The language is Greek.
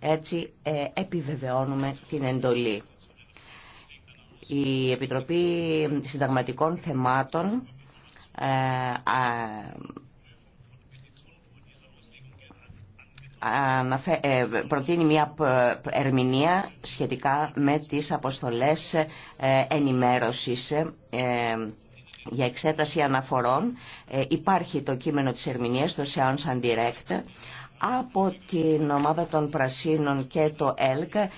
Έτσι ε, επιβεβαιώνουμε την εντολή. Η Επιτροπή Συνταγματικών Θεμάτων ε, ε, προτείνει μια ερμηνεία σχετικά με τις αποστολές ενημέρωσης για εξέταση αναφορών. Υπάρχει το κείμενο της ερμηνείας στο Seance Undirect» από την ομάδα των Πρασίνων και το ΕΛΚ ε,